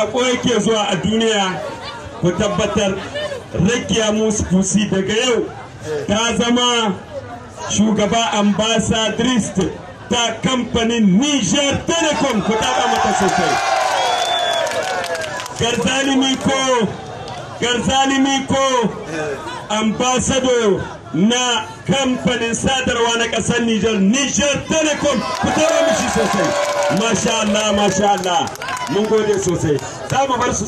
sako yake zuwa a duniya ku tabbatar rakiya kusi daga yau ta zama shugaba ambassadrist ta kamfanin niger telecom ku taɓa mata sosai garzalimi ko garzalimi ko ambasado na kamfanin sadarwa na ƙasar niger niger Telecom, ku taɓa mishi sosai. Masha Allah, masha Allah. mun gode sosai za mu bar su